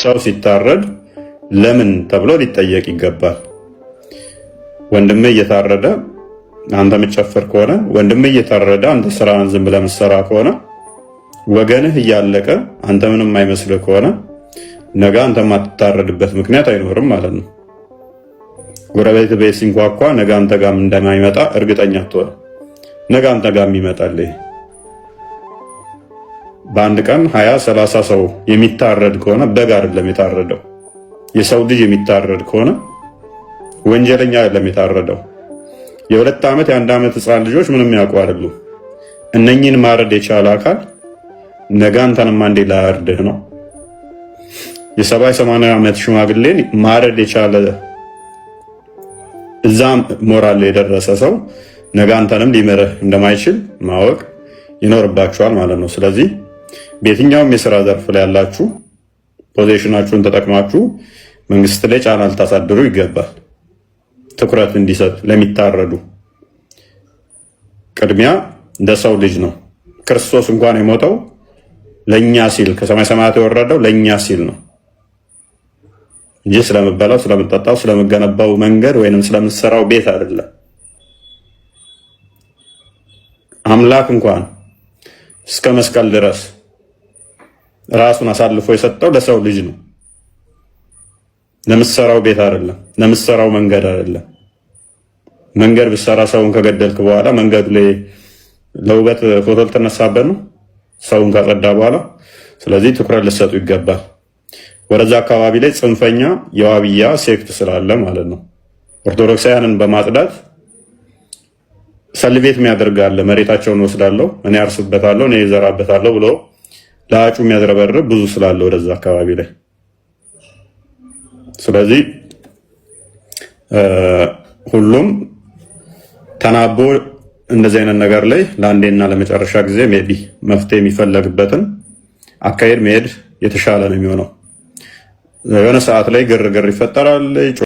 ሰው ሲታረድ ለምን ተብሎ ሊጠየቅ ይገባል። ወንድም እየታረደ አንተ የምትጨፍር ከሆነ ወንድም እየታረደ አንተ ስራን ዝም ብለህ የምትሰራ ከሆነ ወገንህ እያለቀ አንተ ምንም አይመስልህ ከሆነ ነገ አንተ የማትታረድበት ምክንያት አይኖርም ማለት ነው። ጎረቤት ቤት ሲንኳኳ ነገ አንተ ጋም እንደማይመጣ እርግጠኛ ትሆን፣ ነገ አንተ ጋም ይመጣል። በአንድ ቀን ሀያ ሰላሳ ሰው የሚታረድ ከሆነ በግ አይደለም የታረደው። የሰው ልጅ የሚታረድ ከሆነ ወንጀለኛ አይደለም የታረደው። የሁለት ዓመት የአንድ ዓመት ህፃን ልጆች ምንም ያውቁ አይደሉ። እነኚህን ማረድ የቻለ አካል ነገ አንተንም አንዴ ላያርድህ ነው። የሰባይ ሰማንያ ዓመት ሽማግሌን ማረድ የቻለ እዛም ሞራል የደረሰ ሰው ነገ አንተንም ሊምርህ እንደማይችል ማወቅ ይኖርባቸዋል ማለት ነው። ስለዚህ በየትኛውም የስራ ዘርፍ ላይ ያላችሁ ፖዚሽናችሁን ተጠቅማችሁ መንግስት ላይ ጫና ልታሳድሩ ይገባል። ትኩረት እንዲሰጥ ለሚታረዱ ቅድሚያ ለሰው ልጅ ነው። ክርስቶስ እንኳን የሞተው ለእኛ ሲል ከሰማይ ሰማያት የወረደው ለእኛ ሲል ነው እንጂ ስለምበላው፣ ስለምጠጣው፣ ስለምገነባው መንገድ ወይንም ስለምሰራው ቤት አይደለም። አምላክ እንኳን እስከ መስቀል ድረስ ራሱን አሳልፎ የሰጠው ለሰው ልጅ ነው። ለምሰራው ቤት አይደለም፣ ለምሰራው መንገድ አይደለም። መንገድ ብትሰራ ሰውን ከገደልክ በኋላ መንገዱ ላይ ለውበት ፎቶ ልትነሳበት ነው፣ ሰውን ካጸዳ በኋላ። ስለዚህ ትኩረት ልሰጡ ይገባል። ወደዛ አካባቢ ላይ ጽንፈኛ የዋብያ ሴክት ስላለ ማለት ነው። ኦርቶዶክሳውያንን በማጽዳት ሰልቤት የሚያደርጋለ መሬታቸውን ወስዳለሁ፣ እኔ አርስበታለሁ፣ እኔ ይዘራበታለሁ ብሎ ለአጩ የሚያዝረበርብ ብዙ ስላለ ወደዛ አካባቢ ላይ ስለዚህ ሁሉም ተናቦ እንደዚህ አይነት ነገር ላይ ለአንዴና ለመጨረሻ ጊዜ ቢ መፍትሄ የሚፈለግበትን አካሄድ መሄድ የተሻለ ነው የሚሆነው። የሆነ ሰዓት ላይ ግርግር ይፈጠራል።